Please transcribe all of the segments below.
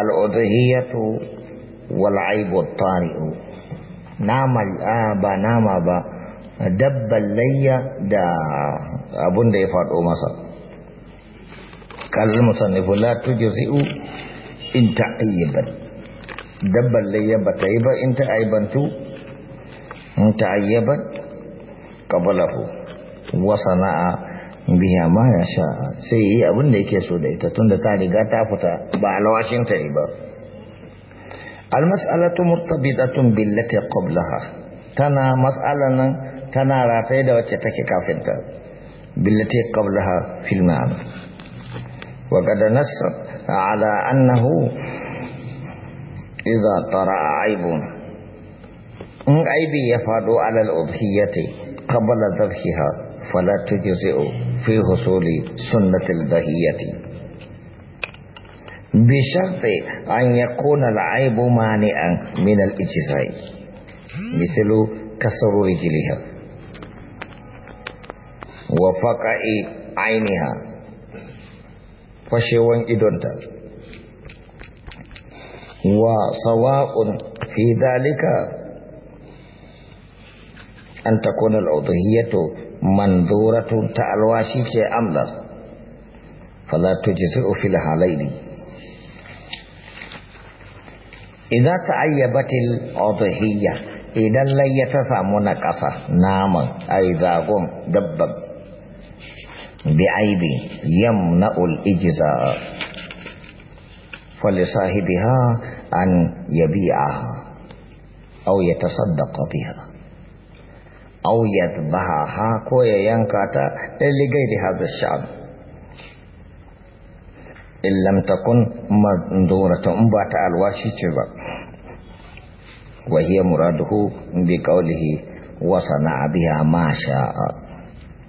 al'udhiyatu wal nama ba nama ba dabban layya da abun da ya faɗo masa kalal musannifu la tujzi'u in ta'ayyiban dabban layya ba ta yi ba in ta'ayyibantu in ta'ayyiban qablahu wa sana'a biya ma ya sha sai yi abin da yake so da ita tun da ta riga ta fita ba alwashin ta yi ba almas'alatu murtabitatun billati qablaha tana mas'alan tana rafai da wacce take kafin ta billati qablaha fil ma'an wa qad nassa ala annahu idza tara'a aibun in aibi ya fado ala al ubhiyati qabla dhabhiha فلا تجزئ في حصول سنة الدهية بشرط أن يكون العيب مانعا من الإجزاء مثل كسر رجلها وفقع عينها فشوان إدنتا وسواء في ذلك أن تكون الأضحية منظورة تألواشيك أم لا فلا تجزئ في الحالين إذا تعيبت الأضحية إذا لا يتسامون قصة ناما أي زاغون دبب بعيب يمنع الإجزاء فلصاحبها أن يبيعها أو يتصدق بها أو يذبحها كوي ينكاتا لغير هذا الشعب إن لم تكن منظورة أنبات الواشي شبا وهي مراده بقوله وصنع بها ما شاء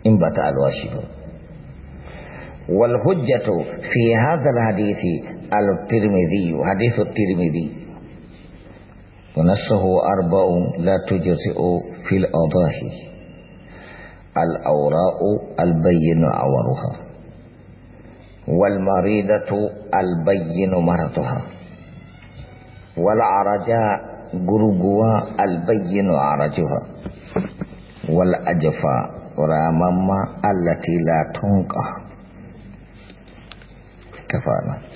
أنبات الواشي والحجة في هذا الحديث الترمذي حديث الترمذي ونصه أربع لا تجزئ في الأضاحي الأوراء البين عورها والمريضة البين مرضها والعرجاء غرغوا البين عرجها والأجفاء رامما التي لا تنقى كفانا